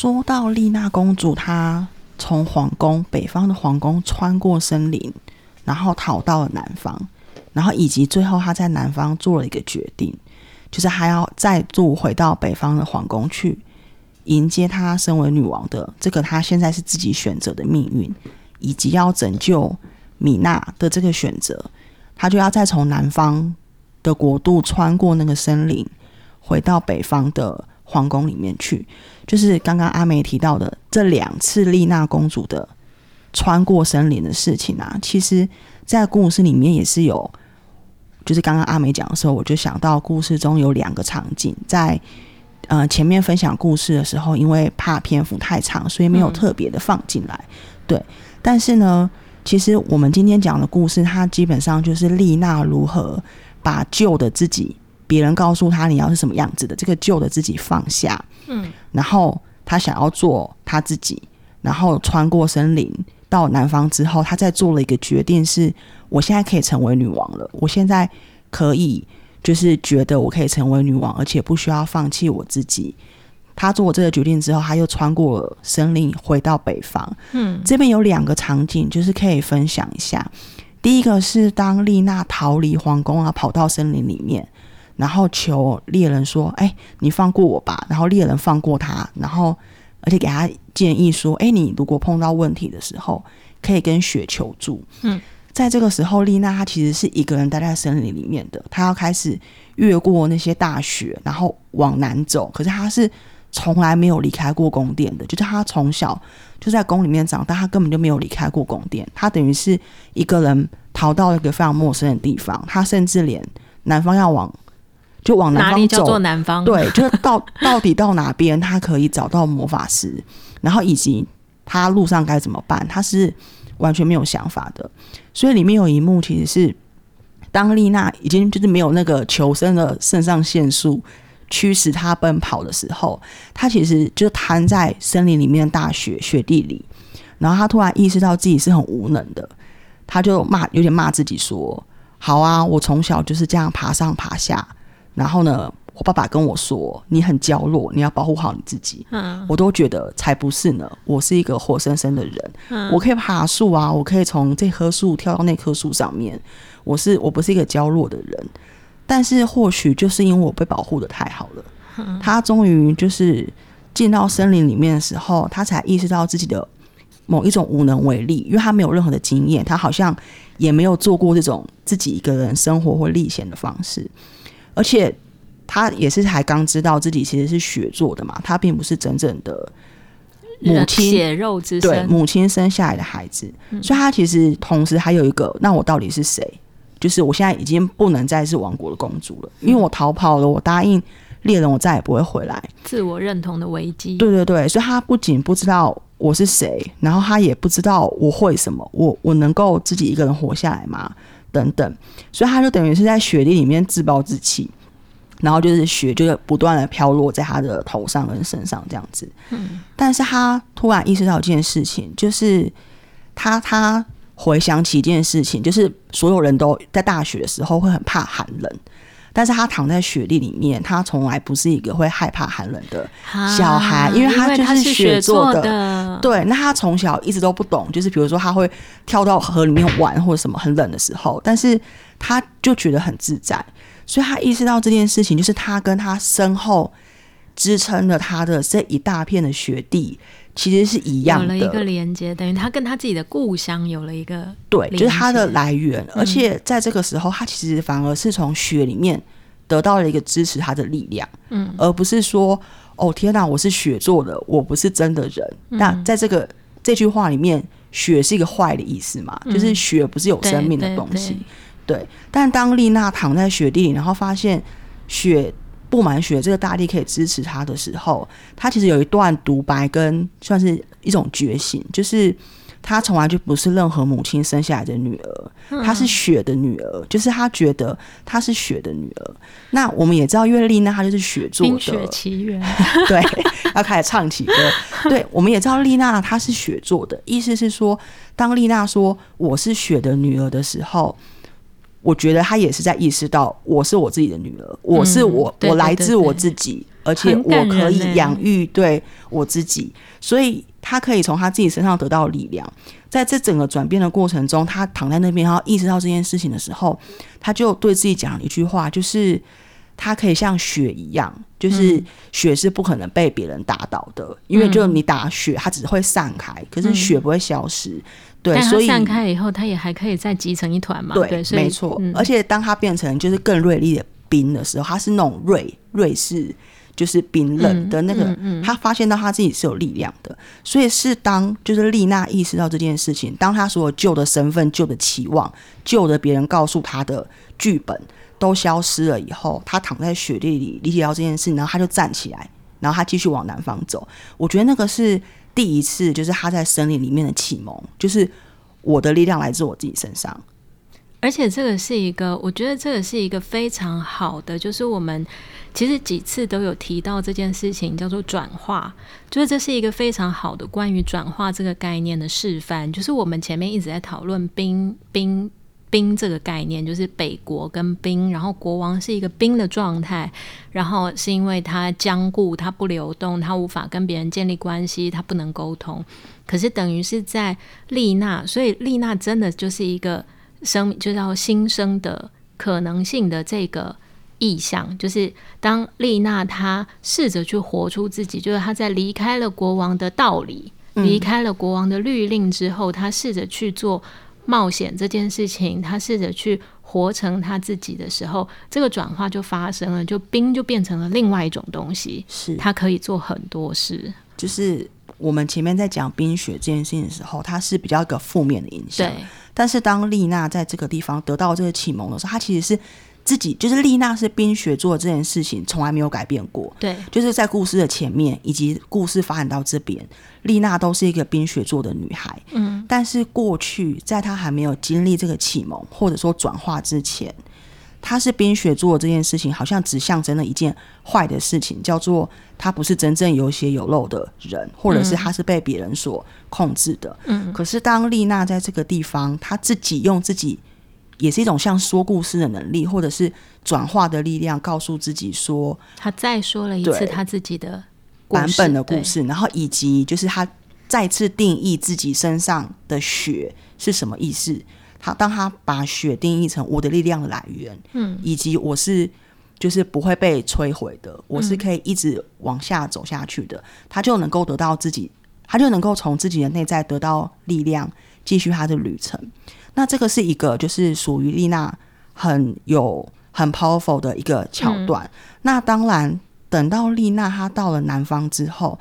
說到麗娜公主，她從皇宮北方的皇宮穿過森林，然後逃到了南方，然後以及最後她在南方做了一個決定，就是她要再度回到北方的皇宮去迎接她身為女王的這個她現在是自己選擇的命運，以及要拯救米娜的這個選擇，她就要再從南方的國度穿過那個森林，回到北方的皇宮裡面去，就是剛剛阿梅提到的這兩次麗娜公主的穿過森林的事情啊，其實，在故事裡面也是有，就是剛剛阿梅講的時候，我就想到故事中有兩個場景，在呃前面分享故事的時候，因為怕篇幅太長，所以沒有特別的放進來。嗯，對，但是呢，其實我們今天講的故事，它基本上就是麗娜如何把舊的自己，別人告訴他，你要是什麼樣子的，這個舊的自己放下，嗯，然後他想要做他自己，然後穿過森林到南方之後，他再做了一個決定是，是我現在可以成為女王了，我現在可以就是覺得我可以成為女王，而且不需要放棄我自己。他做了這個決定之後，他又穿過森林回到北方。嗯，這邊有兩個場景，就是可以分享一下。第一個是當麗娜逃離皇宮啊，跑到森林裡面。然後求獵人說：“哎、欸，你放過我吧。”然後獵人放過他，然後而且給他建議說：“哎、欸，你如果碰到問題的時候，可以跟雪求助。”嗯，在這個時候，麗娜她其實是一個人待在森林裡面的，她要開始越過那些大雪，然後往南走。可是她是從來沒有離開過宮殿的，就是她從小就在宮裡面長大，但她根本就沒有離開過宮殿。她等於是一個人逃到了一個非常陌生的地方，她甚至連南方要往。就往南方走，哪裡叫做南方？對，就是到到底到哪邊他可以找到魔法師， 然後以及他路上該怎麼辦，他是完全沒有想法的。所以裡面有一幕其實是，當麗娜已經就是沒有那個求生的腎上腺素驅使她奔跑的時候，她其實就癱在森林裡面的大雪雪地裡，然後她突然意識到自己是很無能的，她就罵有點罵自己說：“好啊，我從小就是這樣爬上爬下。”然後呢，我爸爸跟我說：“你很嬌弱，你要保護好你自己。”嗯，我都覺得才不是呢，我是一個活生生的人。嗯，我可以爬樹啊，我可以從這棵樹跳到那棵樹上面。我是，我不是一個嬌弱的人。但是或許就是因為我被保護得太好了，嗯，他終於就是進到森林裡面的時候，他才意識到自己的某一種無能為力，因為他沒有任何的經驗，他好像也沒有做過這種自己一個人生活或歷險的方式。而且，他也是才剛知道自己其實是雪做的嘛，他並不是真正的母親血肉之身，對母親生下來的孩子，嗯、所以他其實同時還有一個，那我到底是誰？就是我現在已經不能再是王國的公主了，因為我逃跑了，我答應獵人，我再也不會回來。自我認同的危機，對對對，所以他不僅不知道我是誰，然後他也不知道我會什麼，我我能夠自己一個人活下來嗎？等等，所以他就等於是在雪地裡面自暴自棄，然後就是雪就是不斷的飄落在他的頭上跟身上這樣子。嗯，但是他突然意識到一件事情，就是他他回想起一件事情，就是所有人都在大雪的時候會很怕寒冷。但是他躺在雪地裡面，他從來不是一個會害怕寒冷的小孩，啊，因為他就是雪做的。的對，那他從小一直都不懂，就是比如說他會跳到河裡面玩或者什麼，很冷的時候，但是他就覺得很自在，所以他意識到這件事情，就是他跟他身後支撐了他的這一大片的雪地。其實是一樣的，有了一個連接，等於他跟他自己的故鄉有了一個，對，就是他的來源。嗯、而且在這個時候，他其實反而是從雪裡面得到了一個支持他的力量，嗯，而不是說哦天哪、啊，我是雪做的，我不是真的人。嗯、那在這個這句話裡面，雪是一個壞的意思嘛？嗯、就是雪不是有生命的東西，嗯、對，對，對，對。但當麗娜躺在雪地裡，然後發現雪。佈滿雪這個大地可以支持她的時候，她其實有一段獨白，跟算是一種覺醒，就是她從來就不是任何母親生下來的女兒，她是雪的女兒，嗯、就是她覺得她是雪的女兒。那我們也知道月，因麗娜她就是雪做的《冰雪奇緣》 對，要開始唱起歌。 對，我們也知道麗娜她是雪做的，意思是說，當麗娜說我是雪的女兒的時候。我覺得他也是在意識到我是我自己的女兒，嗯、我是我，對對對，我來自我自己，對對對，而且我可以養育對我自己，欸、所以他可以從他自己身上得到力量。在這整個轉變的過程中，他躺在那邊，然後意識到這件事情的時候，他就對自己講了一句話，就是他可以像雪一樣，就是雪是不可能被別人打倒的，嗯、因為就你打雪，它只會散開，可是雪不會消失。嗯對，所以散開以後，它也還可以再集成一團嘛。對，沒錯。而且當它變成就是更銳利的冰的時候，它是那種銳、銳是就是冰冷的那個。嗯嗯嗯、他發現到他自己是有力量的，所以是當就是麗娜意識到這件事情，當她所有舊的身份、舊的期望、舊的別人告訴她的劇本都消失了以後，她躺在雪地裡理解到這件事，然後她就站起來，然後她繼續往南方走。我覺得那個是。第一次就是他在森林裡面的啟蒙，就是我的力量來自我自己身上。而且這個是一個，我覺得這個是一個非常好的，就是我們其實幾次都有提到這件事情，叫做轉化，就是這是一個非常好的關於轉化這個概念的示範。就是我們前面一直在討論冰冰。冰這個概念就是北國跟冰，然後國王是一個冰的狀態，然後是因為他僵固，他不流動，他無法跟別人建立關係，他不能溝通。可是等於是在麗娜，所以麗娜真的就是一個生，就叫新生的可能性的這個意象，就是當麗娜她試着去活出自己，就是她在離開了國王的道理，離開了國王的律令之後，她試着去做，冒險這件事情，他試着去活成他自己的時候，這個轉化就發生了，就冰就變成了另外一種東西，是他可以做很多事。就是我們前面在講冰雪這件事情的時候，它是比較一個負面的影響。對，但是當麗娜在這個地方得到這個啟蒙的時候，她其實是。自己就是麗娜是冰雪做的這件事情從來沒有改變過，對，就是在故事的前面以及故事發展到這邊，麗娜都是一個冰雪做的女孩，嗯，但是過去在她還沒有經歷這個啟蒙或者說轉化之前，她是冰雪做的這件事情好像只象徵了一件壞的事情，叫做她不是真正有血有肉的人，或者是她是被別人所控制的，嗯，可是當麗娜在這個地方，她自己用自己。也是一種像說故事的能力，或者是轉化的力量。告訴自己說，他再說了一次他自己的版本的故事，對然後以及就是他再次定義自己身上的血是什麼意思？他當他把血定義成我的力量的來源，嗯，以及我是就是不會被摧毀的，我是可以一直往下走下去的。嗯、他就能夠得到自己，他就能夠從自己的內在得到力量，繼續他的旅程。那這個是一個，就是屬於麗娜很有很 powerful 的一個橋段。嗯、那當然，等到麗娜她到了南方之後，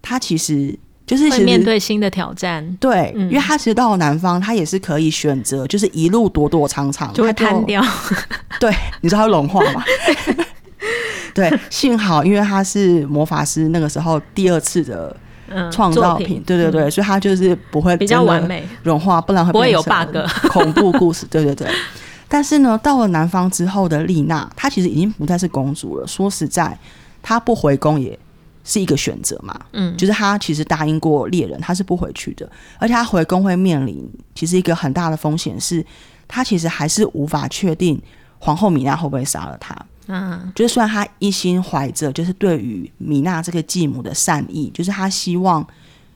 她其實就是其實面對新的挑戰。對，嗯、因為她其實到了南方，她也是可以選擇，就是一路躲躲藏藏，就會癱掉。到 對，你知道她會融化嗎 對, 對，幸好因為她是魔法師，那個時候第二次的。創造品，嗯、作品對對對，所以他就是不會、嗯、比較完美融化，不然會不會有 bug。恐怖故事，對對對。但是呢，到了南方之後的麗娜，她其實已經不再是公主了。說實在，她不回宮也是一個選擇嘛。嗯，就是她其實答應過獵人，她是不回去的。而且她回宮會面臨其實一個很大的風險是，是她其實還是無法確定皇後米娜會不會殺了她。嗯，就是雖然他一心懷着就是對於米娜這個繼母的善意，就是他希望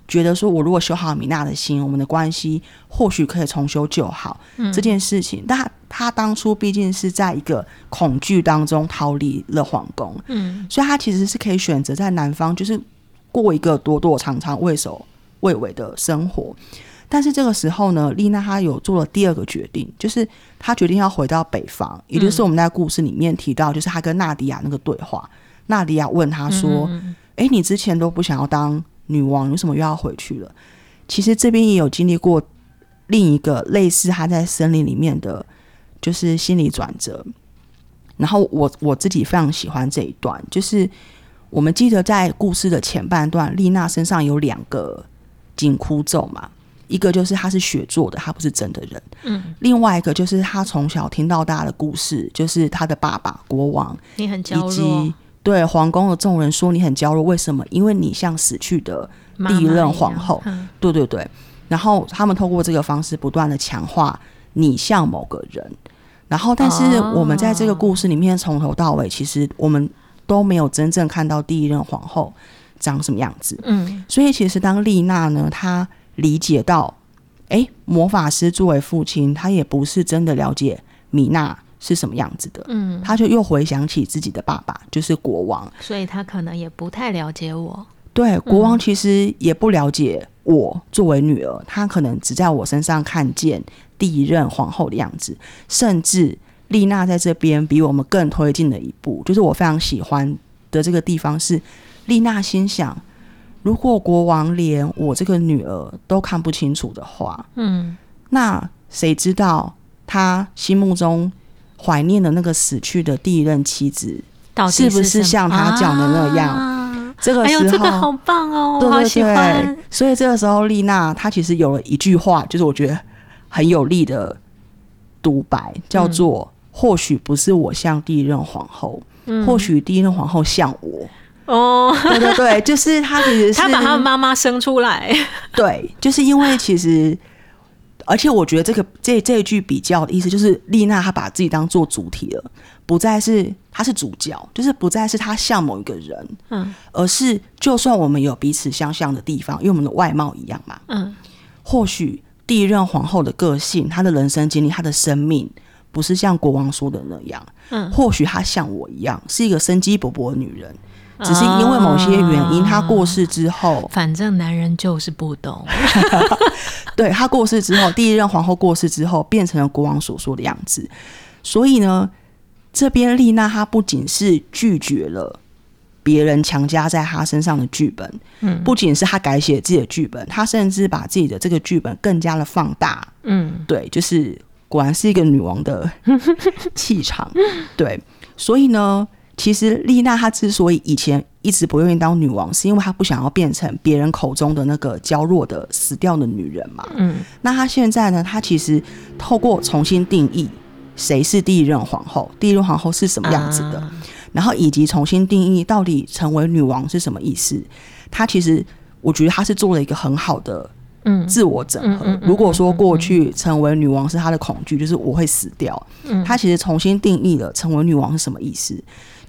覺得說，我如果修好米娜的心，我們的關係或許可以重修舊好、嗯、這件事情，但他，他當初畢竟是在一個恐懼當中逃離了皇宮，嗯，所以他其實是可以選擇在南方，就是過一個躲躲藏藏、畏首畏尾的生活。但是這個時候呢，麗娜她有做了第二個決定，就是她決定要回到北方，嗯、也就是我們在故事裡面提到，就是她跟娜迪亞那個對話。娜迪亞問她說：“哎、嗯欸，你之前都不想要當女王，為什麼又要回去了？”其實這邊也有經歷過另一個類似她在森林裡面的就是心理轉折。然後我我自己非常喜歡這一段，就是我們記得在故事的前半段，麗娜身上有兩個緊箍咒嘛。一個就是他是雪做的，他不是真的人。嗯。另外一個就是他從小聽到大的故事，就是他的爸爸國王，你很嬌弱。以及對皇宮的眾人說你很嬌弱，為什麼？因為你像死去的第一任皇後。媽媽嗯、對對對。然後他們透過這個方式不斷的強化你像某個人。然後，但是我們在這個故事裡面從頭到尾，哦、其實我們都沒有真正看到第一任皇后長什麼樣子。嗯。所以，其實當麗娜呢，她。理解到，哎，魔法師作為父親，他也不是真的了解米娜是什麼樣子的。嗯，他就又回想起自己的爸爸，就是國王。所以他可能也不太了解我。對，國王其實也不了解我作為女兒，嗯，他可能只在我身上看見第一任皇後的樣子。甚至麗娜在這邊比我們更推進了一步，就是我非常喜歡的這個地方是，麗娜心想。如果國王連我這個女兒都看不清楚的話，嗯，那誰知道他心目中懷念的那個死去的第一任妻子，是不是像他講的那樣？啊、這個時候、哎，這個好棒哦，對,對,對，我好喜歡。所以這個時候莉，麗娜她其實有了一句話，就是我覺得很有力的獨白，叫做“嗯、或許不是我像第一任皇後，嗯、或許第一任皇后像我。”哦，oh, 對對對，就是他其實是他把他的媽媽生出來， 對，就是因為其實，而且我覺得這個這一這一句比較的意思就是，麗娜她把自己當做主體了，不再是她是主角，就是不再是她像某一個人，嗯，而是就算我們有彼此相像的地方，因為我們的外貌一樣嘛，嗯，或許第一任皇後的個性、她的人生經歷、她的生命，不是像國王說的那樣，嗯，或許她像我一樣，是一個生機勃勃的女人。只是因為某些原因，oh, 他過世之後，反正男人就是不懂。 對，他過世之後，第一任皇后過世之後，變成了國王所說的樣子。所以呢，這邊麗娜她不僅是拒絕了別人強加在她身上的劇本，嗯，不僅是她改寫自己的劇本，她甚至把自己的這個劇本更加的放大。嗯，對，就是果然是一個女王的氣場。 對，所以呢。其實麗娜她之所以以前一直不願意當女王，是因為她不想要變成別人口中的那個嬌弱的死掉的女人嘛。嗯。那她現在呢？她其實透過重新定義誰是第一任皇後，第一任皇後是什麼樣子的，然後以及重新定義到底成為女王是什麼意思，她其實我覺得她是做了一個很好的嗯自我整合。如果說過去成為女王是她的恐懼，就是我會死掉。嗯。她其實重新定義了成為女王是什麼意思。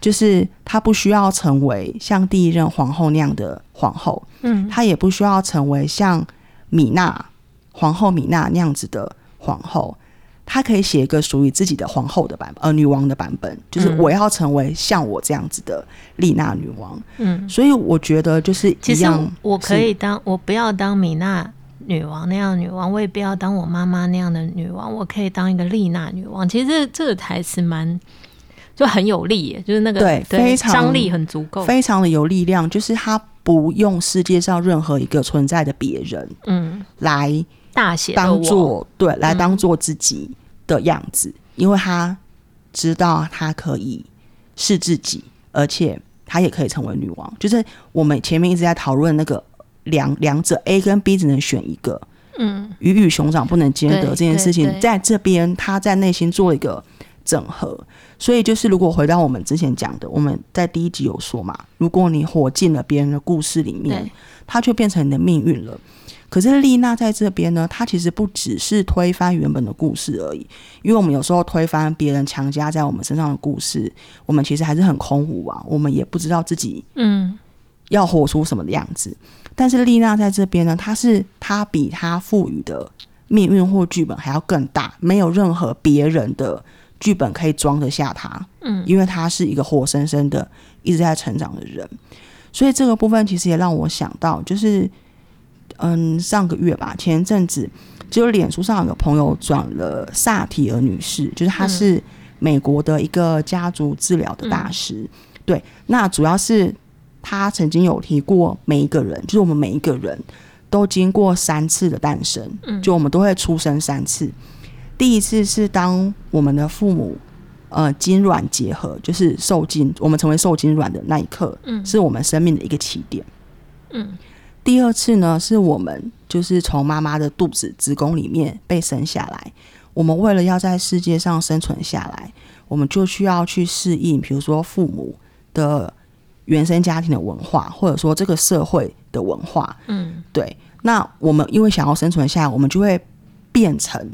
就是她不需要成為像第一任皇後那樣的皇後，嗯，她也不需要成為像米娜皇後米娜那樣子的皇後，她可以寫一個屬於自己的皇後的版本，呃，女王的版本，就是我要成為像我這樣子的麗娜女王，嗯，所以我覺得就是一樣是其實像我可以當我不要當米娜女王那樣女王，我也不要當我媽媽那樣的女王，我可以當一個麗娜女王。其實這個台詞蠻。就很有力，就是那個對,對非常張力很足夠，非常的有力量。就是他不用世界上任何一個存在的別人，嗯，來大寫當做對來當做自己的樣子，嗯、因為他知道他可以是自己，而且他也可以成為女王。就是我們前面一直在討論那個兩兩者 A 跟 B 只能選一個，嗯，魚與熊掌不能兼得這件事情，對對對在這邊他在內心做一個。整合，所以就是如果回到我們之前講的，我們在第一集有說嘛，如果你活進了別人的故事裡面，對它就變成你的命運了。可是麗娜在這邊呢，她其實不只是推翻原本的故事而已，因為我們有時候推翻別人強加在我們身上的故事，我們其實還是很空無啊，我們也不知道自己嗯要活出什麼的樣子。嗯、但是麗娜在這邊呢，她是她比她賦予的命運或劇本還要更大，沒有任何別人的。劇本可以裝得下他，嗯，因為他是一個活生生的、一直在成長的人，所以這個部分其實也讓我想到，就是，嗯，上個月吧，前陣子，就是臉書上有個朋友轉了薩提爾女士，就是她是美國的一個家族治療的大師，嗯、對，那主要是她曾經有提過，每一個人，就是我們每一個人都經過三次的誕生，嗯，就我們都會出生三次。第一次是當我們的父母呃精卵結合，就是受精，我們成為受精卵的那一刻，嗯，是我們生命的一個起點。嗯，第二次呢，是我們就是從媽媽的肚子子宮裡面被生下來。我們為了要在世界上生存下來，我們就需要去適應，比如說父母的原生家庭的文化，或者說這個社會的文化。嗯，對。那我們因為想要生存下來，我們就會變成。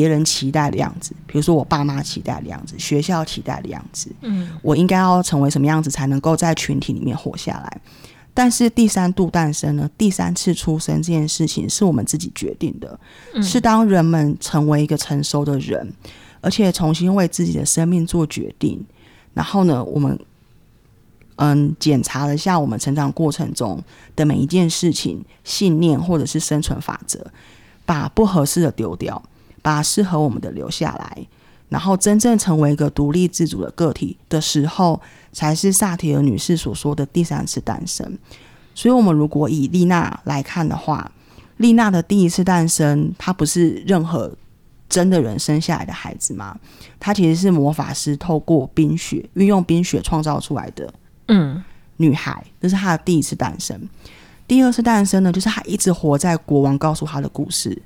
別人期待的樣子，比如說我爸媽期待的樣子，學校期待的樣子，嗯，我應該要成為什麼樣子才能夠在群體裡面活下來？但是第三度誕生呢，第三次出生這件事情是我們自己決定的，嗯、是當人們成為一個成熟的人，而且重新為自己的生命做決定，然後呢，我們嗯檢查了一下我們成長過程中的每一件事情信念或者是生存法則，把不合適的丟掉。把適合我們的留下來，然後真正成為一個獨立自主的個體的時候，才是薩提爾女士所說的第三次誕生。所以，我們如果以麗娜來看的話，麗娜的第一次誕生，她不是任何真的人生下來的孩子嗎？她其實是魔法師透過冰雪運用冰雪創造出來的，嗯，女孩，嗯，這是她的第一次誕生。第二次誕生呢，就是她一直活在國王告訴她的故事，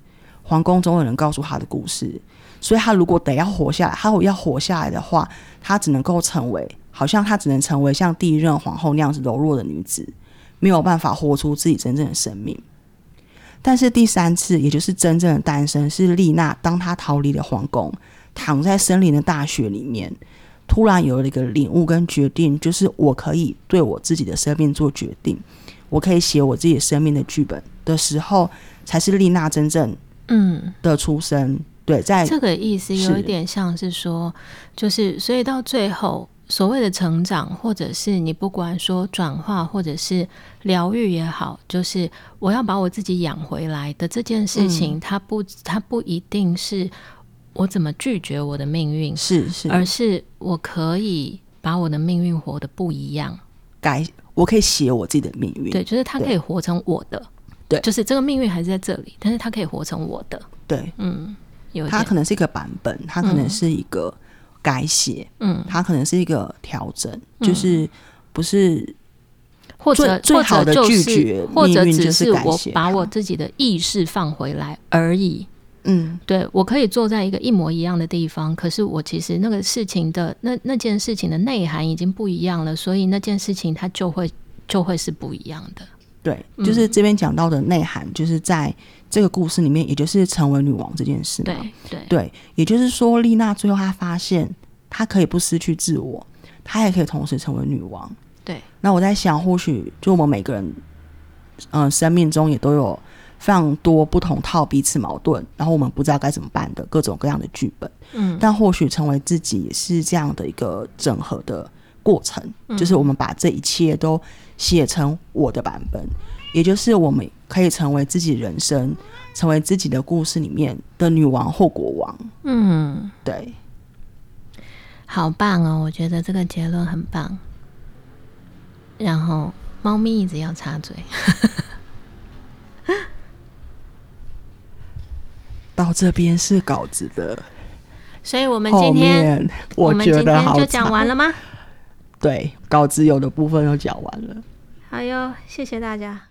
皇宮總有人告訴她的故事，所以她如果得要活下來，她要活下來的話，她只能夠成為，好像她只能成為像第一任皇後那樣子柔弱的女子，沒有辦法活出自己真正的生命。但是第三次，也就是真正的誕生，是麗娜當她逃離了皇宮，躺在森林的大雪裡面，突然有了一個領悟跟決定，就是我可以對我自己的生命做決定，我可以寫我自己的生命的劇本的時候，才是麗娜真正，嗯的出生，對，在這個意思有一點像是說，是就是所以到最後所謂的成長，或者是你不管說轉化或者是療癒也好，就是我要把我自己養回來的這件事情，嗯、它不，它不一定是我怎麼拒絕我的命運，是是，而是我可以把我的命運活得不一樣，改，我可以寫我自己的命運，對，就是它可以活成我的。對，就是這個命運還是在這裡，但是他可以活成我的。對，嗯，有，他可能是一個版本，他可能是一個改寫，嗯，他可能是一個調整，嗯，就是不是或者最好的拒絕，或者只是我把我自己的意識放回來而已。嗯，對，我可以坐在一個一模一樣的地方，可是我其實那個事情的那那件事情的內涵已經不一樣了，所以那件事情它就會就會是不一樣的。對，就是這邊講到的內涵，就是在這個故事裡面，也就是成為女王這件事嘛。對對對，也就是說，麗娜最後她發現，她可以不失去自我，她也可以同時成為女王。對，那我在想，或許就我們每個人，嗯、呃，生命中也都有非常多不同套彼此矛盾，然後我們不知道該怎麼辦的各種各樣的劇本。嗯，但或許成為自己也是這樣的一個整合的過程，就是我們把這一切都寫成我的版本，也就是我們可以成為自己人生、成為自己的故事裡面的女王或國王。嗯，對，好棒哦！我覺得這個結論很棒。然後，貓咪一直要插嘴。 到這邊是稿子的，所以我們今天，我覺得好我們今天就講完了嗎？對，稿子有的部分又講完了。好喲，謝謝大家。